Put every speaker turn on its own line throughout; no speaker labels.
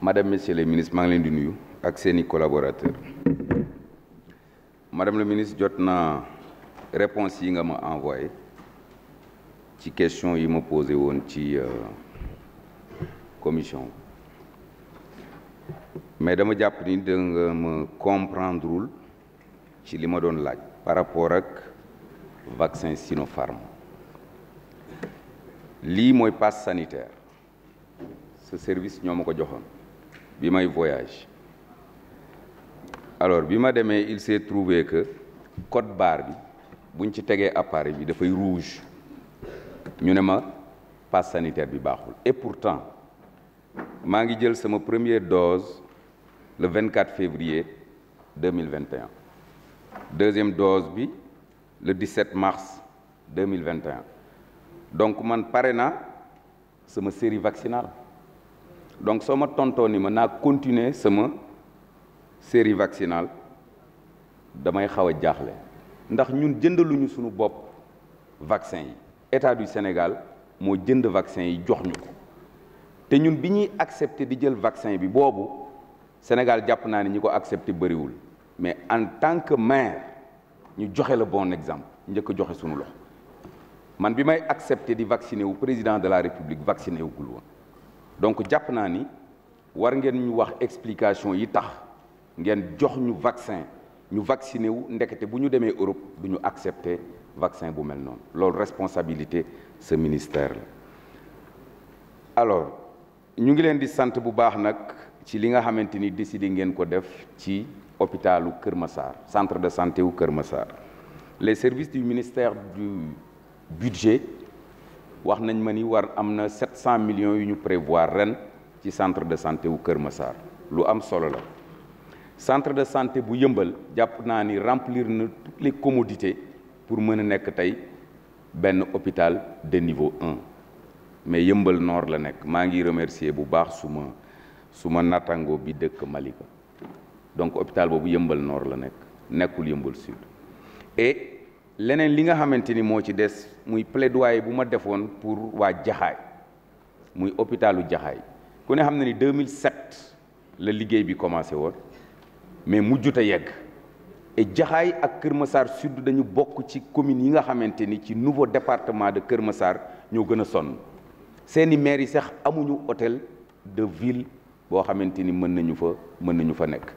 madame messieurs les ministres maa ngi leen di nuyu ak seeni collaborateurs madame la ministre jot na réponse yi nga ma envoyé ci question yi ma posé woon ci euh, commission mais dama jàpp ni da nga ma wul ci li ma doon laaj par rapport ak vaccin Sinopharm lii mooy passe sanitaire ce service ñoo ma ko joxoon bi may voyage alors bi ma demee il s'est trouvé que code barre bi buñ ci tegee appareil bi dafay rouge ñu ne ma passe sanitaire bi baaxul et pourtant maa ngi jël sama première dose le 24 février 2021 deuxième dose bi le 17 mars 2021 donc man pare naa sama série vaccinale donc soo ma tontoo ni ma naa continuer sama série vaccinale damay xaw a jaaxle ndax ñun jëndaluñu suñu bopp vaccin yi état du Sénégal moo jënd vaccin yi jox ñu ko te ñun bi ñuy accepter di jël vaccin bi boobu Sénégal jàpp naa ne ñi ko accepter bariwul mais en tant que maire ñu joxe la bon exemple njëkk joxe suñu loxo. man bi may accepté di vacciner wu président de la république vacciné wu gul woon donc jàpp naa ni war ngeen ñu wax explication yi tax ngeen jox ñu vaccin ñu vacciné wu ndekete bu ñu demee Europe du ñu accepté vaccin bu mel noonu loolu responsabilité ce ministère la alors ñu ngi leen di sant bu baax nag ci li nga xamante ni décidé ngeen ko def ci hôpitalu Kër Massar centre de santé wu Kër Massar les services du ministère du budget wax nañ ma ni war am na 700 millions yu ñu prévoir ren ci centre de santé wu Kër Massar lu am solo la centre de santé bu yëmbal jàpp naa ni remplir na toutes les commodités pour mën a nekk tey benn hôpital des niveau un mais yëmbal noor la nekk maa ngi remercier bu baax su ma suma nattango bi dëkk Malika donc hôpital boobu yëmbal noor la nekk nekkul yëmbal sud et leneen li nga xamante ni moo ci des muy plaidoyer bu ma defoon pour waa jaxaay muy hôpitalu jaxaay ku ne xam na ni 2007 la liggéey bi commencé woon mais mujjut a yegg et jaxaay ak Kër Massar Sud dañu bokk ci communes yi nga xamante ni ci nouveau département de Kër Massar ñoo gën a sonn seeni maires yi sax amuñu hôtel de ville boo xamante ni mën nañu fa mën nañu fa nekk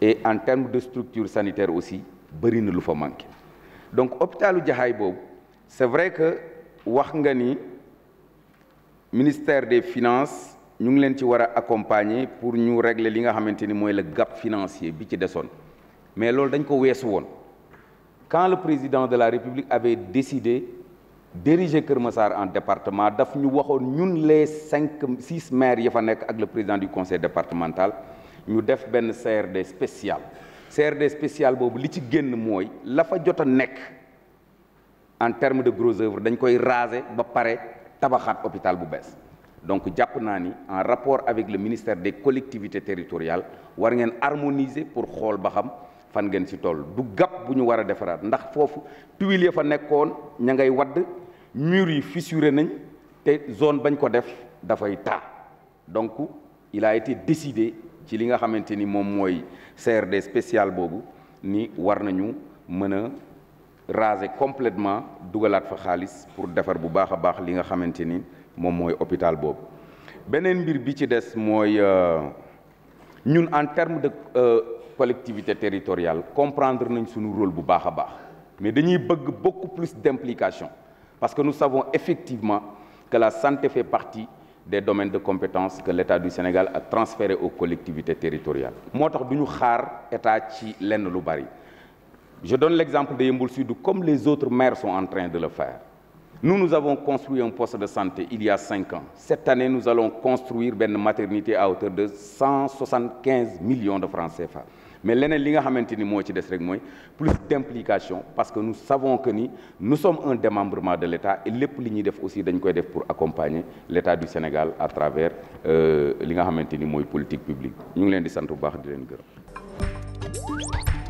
et en termes de structure sanitaire aussi bëri na lu fa manqué donc hôpitalu Jaxaay boobu c'est vrai que wax nga ni ministère des finance ñu ngi leen ci war a accompagner pour ñu régler li nga xamante ni mooy le gap financier bi ci desoon mais loolu dañ ko weesu woon quand le président de la République avait décidé diriger Kër Massar en département daf ñu waxoon ñun les cinq six maires yi fa nekk ak le président du conseil départemental ñu def benn CRD spécial CRD spécial boobu li ci génn mooy la fa jot a nekk en terme de gros œuvre dañ koy raser ba pare tabaxaat hôpital bu bees donc jàpp naa ni en rapport avec le ministère de collectivité territoriales war ngeen harmoniser pour xool ba xam fan ngeen ci toll du gàpp bu ñu war a defaraat ndax foofu tuile ya fa nekkoon ña ngay wadd mur yi fissuré nañ te zone bañ ko def dafay taa donc il a été décidé ci li nga xamante ni moom mooy CRD spécial boobu ni war nañu mën a raser complètement dugalaat fa xaalis pour defar bu baax a baax li nga xamante ni moom mooy hôpital boobu beneen mbir bi ci des mooy euh, ñun en terme de euh, collectivité territoriale comprendre nañ suñu rôle bu baax a baax mais dañuy bëgg beaucoup plus d'implication parce que nous savons effectivement que la santé fait partie des domaines de compétences que l'État du Sénégal a transféré aux collectivités territoriales moo tax du ñu xaar état ci lenn lu bari je donne l'exemple de Yeumbeul Sud comme les autres maires sont en train de le faire nous nous avons construit un poste de santé il y a cinq ans cette année nous allons construire benn maternité à hauteur de cent soixante-quinze millions de francs CFA mais leneen li nga xamante ni moo ci des rek mooy plus d'implication parce que nous savons que ni nous sommes un démembrement de l'État et lépp li ñuy def aussi dañ koy def pour accompagner l'État du Sénégal à travers euh, li nga xamante ni mooy politique publique ñu ngi leen di sant bu baax di leen gërëm.